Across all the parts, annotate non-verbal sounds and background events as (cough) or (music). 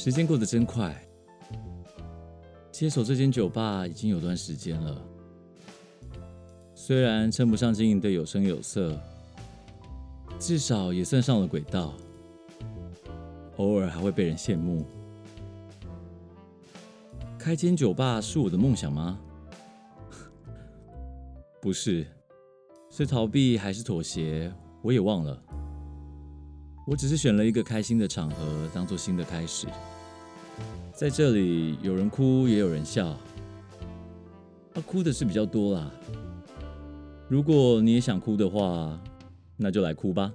時間過得真快，接手這間酒吧已經有段時間了。雖然稱不上經營得有聲有色，至少也算上了軌道。偶爾還會被人羨慕。開間酒吧是我的夢想嗎？不是，是逃避還是妥協，我也忘了。我只是選了一個開心的場合，當做新的開始。在這裡，有人哭，也有人笑。他、啊、哭的是比較多啦。如果你也想哭的話，那就來哭吧。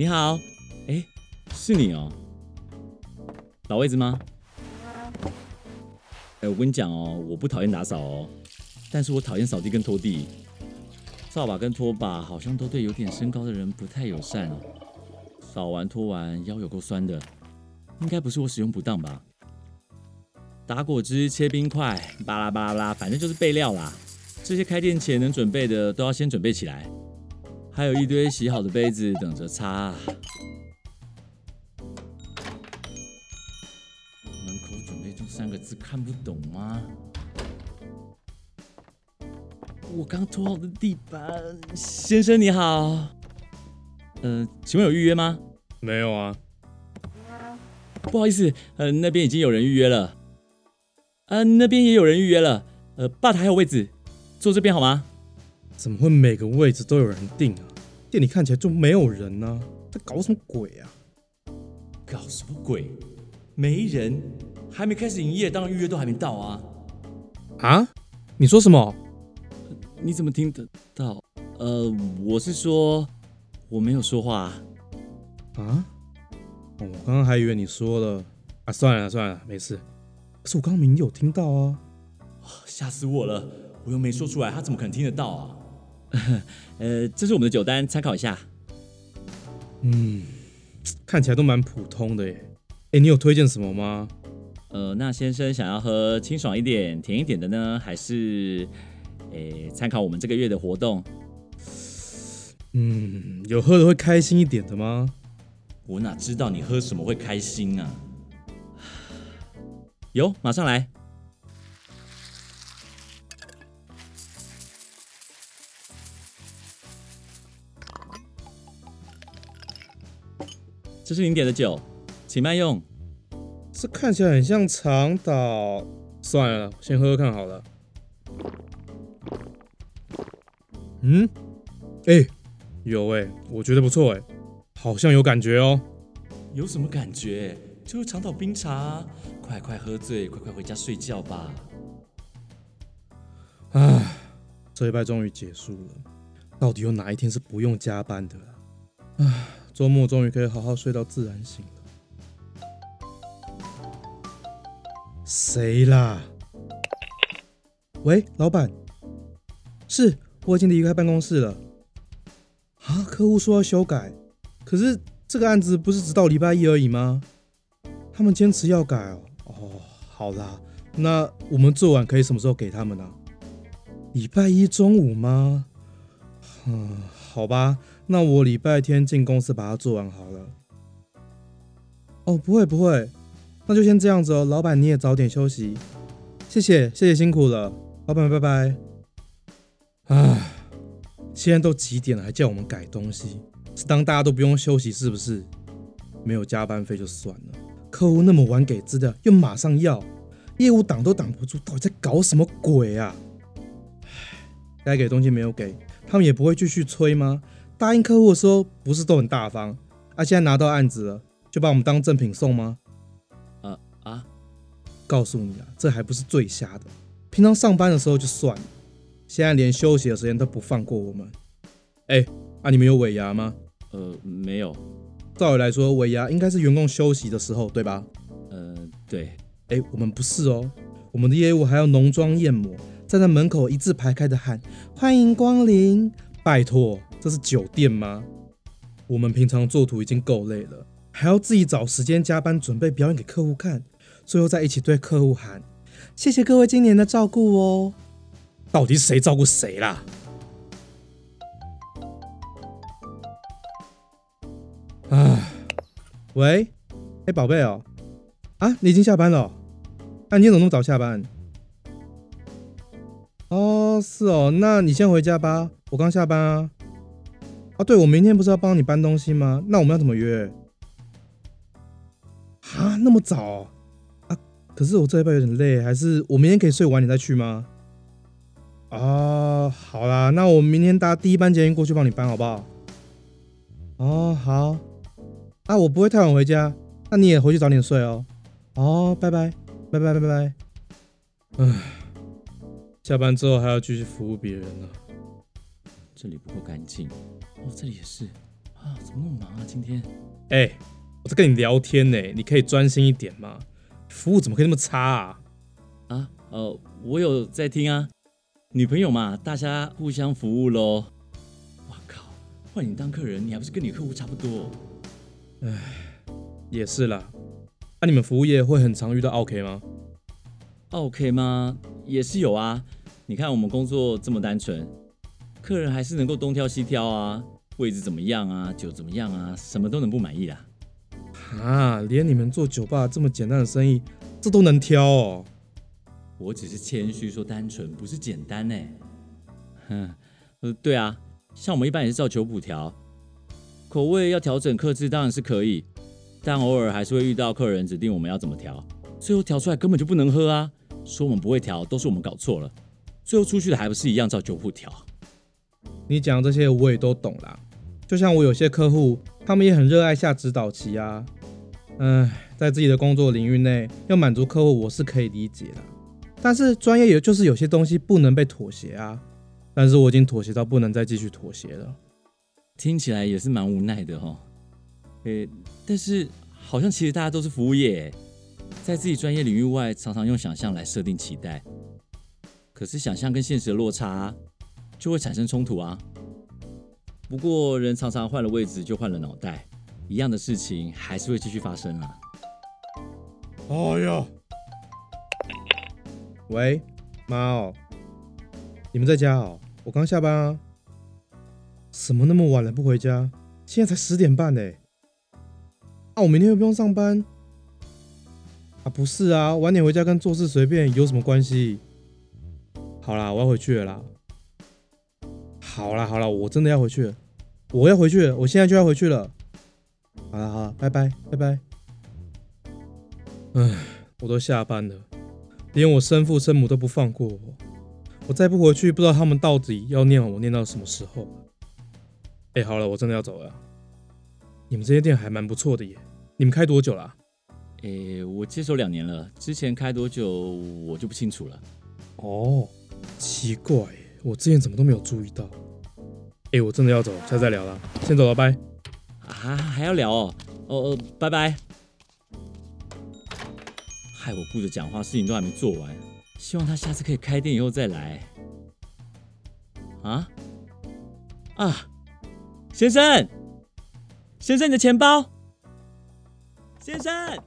你好，哎，是你哦，老位置嗎？哎，我跟你講哦，我不討厭打掃哦，但是我討厭掃地跟拖地，掃把跟拖把好像都對有點身高的人不太友善哦，掃完拖完腰有夠酸的，應該不是我使用不當吧？打果汁、切冰塊，巴拉巴拉啦，反正就是備料啦。這些開店前能準備的都要先準備起來。還有一堆洗好的杯子等着擦。門口準備中三個字看不懂嗎？我剛剛拖好的地板，先生你好。嗯，請問有預約嗎？沒有啊。不好意思，嗯，那邊已經有人預約了。呃，那邊也有人預約了。呃，吧台還有位置，坐這邊好嗎？怎麼會每個位置都有人訂啊？店裡看起來就沒有人呢？啊？在搞什麼鬼啊？搞什麼鬼？沒人，還沒開始營業，當然預約都還沒到啊！啊？你說什麼？你怎麼聽得到？呃，我是說，我沒有說話啊。啊、哦？我剛剛還以為你說了啊！算了算了，沒事。可是我剛剛明明有聽到啊嚇嚇！嚇死我了！我又沒說出來，他怎麼可能聽得到啊？呃， (laughs) 這是我們的酒單，參考一下。嗯，看起來都蠻普通的耶。哎，你有推薦什麼嗎？呃，那先生想要喝清爽一點、甜一點的呢，還是……哎，參考我們這個月的活動。嗯，有喝的會開心一點的嗎？我哪知道你喝什麼會開心啊？ (laughs) 有，馬上來。這是你點的酒，請慢用。這看起來很像長島，算了，先喝喝看好了。嗯，哎、欸，有哎、欸，我覺得不錯哎、欸，好像有感覺哦、喔。有什麼感覺？就是長島冰茶，快快喝醉，快快回家睡覺吧。啊，這一班終於結束了，到底有哪一天是不用加班的啊？啊週末終於可以好好睡到自然醒了。誰啦？喂，老闆，是我，已經離開辦公室了。啊，客戶說要修改，可是這個案子不是只到禮拜一而已嗎？他們堅持要改哦。哦，好啦，那我們做完可以什麼時候給他們呢？禮拜一中午嗎？嗯，好吧，那我禮拜天進公司把它做完好了。哦，不會不會，那就先這樣子哦。老闆你也早點休息，謝謝謝謝辛苦了，老闆拜拜。啊，現在都幾點了還叫我們改東西，是當大家都不用休息是不是？沒有加班費就算了，客戶那麼晚給資料又馬上要，業務擋都擋不住，到底在搞什麼鬼啊？唉，該給東西沒有給。他們也不會繼續催嗎？答應客戶的時候不是都很大方，啊，現在拿到案子了，就把我們當贈品送嗎？呃啊，啊告訴你了、啊，這還不是最瞎的。平常上班的時候就算了，現在連休息的時間都不放過我們。哎、欸，啊你們有尾牙嗎？呃，沒有。照理來說，尾牙應該是員工休息的時候，對吧？呃，對。哎、欸，我們不是哦、喔，我們的業務還要濃妝豔抹。站在門口一字排開的喊：“歡迎光臨！”拜托，這是酒店嗎？我們平常做圖已經夠累了，還要自己找時間加班準備表演給客戶看，最後再一起對客戶喊：“謝謝各位今年的照顧哦、喔！”到底誰照顧誰啦、啊？喂，哎，寶貝哦，啊，你已經下班了、喔？哎、啊，你怎麼那麼早下班？哦，是哦，那你先回家吧，我剛下班啊。哦、啊，對，我明天不是要幫你搬東西嗎？那我們要怎麼約？啊，那麼早？啊，可是我這禮拜有點累，還是我明天可以睡晚點，你再去嗎？啊，好啦，那我明天搭第一班捷運過去幫你搬，好不好？哦，好。啊，我不會太晚回家，那你也回去早點睡哦。哦，拜拜，拜拜拜拜拜拜嗯。下班之後還要繼續服務別人呢、啊，這裡不夠乾淨哦，這裡也是啊，怎麼那麼忙啊？今天哎、欸，我在跟你聊天呢、欸，你可以專心一點嗎？服務怎麼可以那麼差啊？啊，哦、呃，我有在聽啊。女朋友嘛，大家互相服務嘍。我靠，換你當客人，你還不是跟女客戶差不多？哎？也是啦。那、啊、你們服務業會很常遇到 OK 嗎？OK 嗎？也是有啊。你看我們工作這麼單純，客人還是能夠東挑西挑啊，位置怎麼樣啊，酒怎麼樣啊，什麼都能不滿意啦。啊，連你們做酒吧這麼簡單的生意，這都能挑哦。我只是謙虛說單純，不是簡單呢、欸。哼，對啊，像我們一般也是照酒譜調，口味要調整客製當然是可以，但偶爾還是會遇到客人指定我們要怎麼調，最後調出來根本就不能喝啊，說我們不會調，都是我們搞錯了。最後出去的還不是一樣照舊不調。你講這些我也都懂啦，就像我有些客戶，他們也很熱愛下指導棋啊。嗯、呃，在自己的工作領域內要滿足客戶，我是可以理解的。但是專業也就是有些東西不能被妥協啊。但是我已經妥協到不能再繼續妥協了。聽起來也是蠻無奈的哈、哦欸。但是好像其實大家都是服務業、欸，在自己專業領域外，常常用想象來設定期待。可是想象跟現實的落差，就會產生衝突啊。不過人常常換了位置就換了腦袋，一樣的事情還是會繼續發生啊。哎呦，喂，媽哦，你們在家哦？我剛下班啊。什麼那麼晚了不回家？現在才十點半呢。啊，我明天又不用上班。啊，不是啊，晚點回家跟做事隨便有什麼關係？好啦，我要回去了啦。好啦，好啦，我真的要回去了，我要回去了，我現在就要回去了。好啦，好啦，拜拜，拜拜。唉，我都下班了，連我生父生母都不放過我。我再不回去，不知道他們到底要念我念到什麼時候。哎、欸，好了，我真的要走了。你們這些店還蠻不錯的耶，你們開多久了啊？哎、欸，我接手兩年了，之前開多久我就不清楚了。哦。奇怪，我之前怎麼都沒有注意到？哎，我真的要走，下次再聊了，先走了，拜拜。啊，還要聊哦，哦哦，呃，拜拜。害我顧着講話，事情都還沒做完。希望他下次可以開店以後再來。啊啊，先生，先生，你的錢包，先生。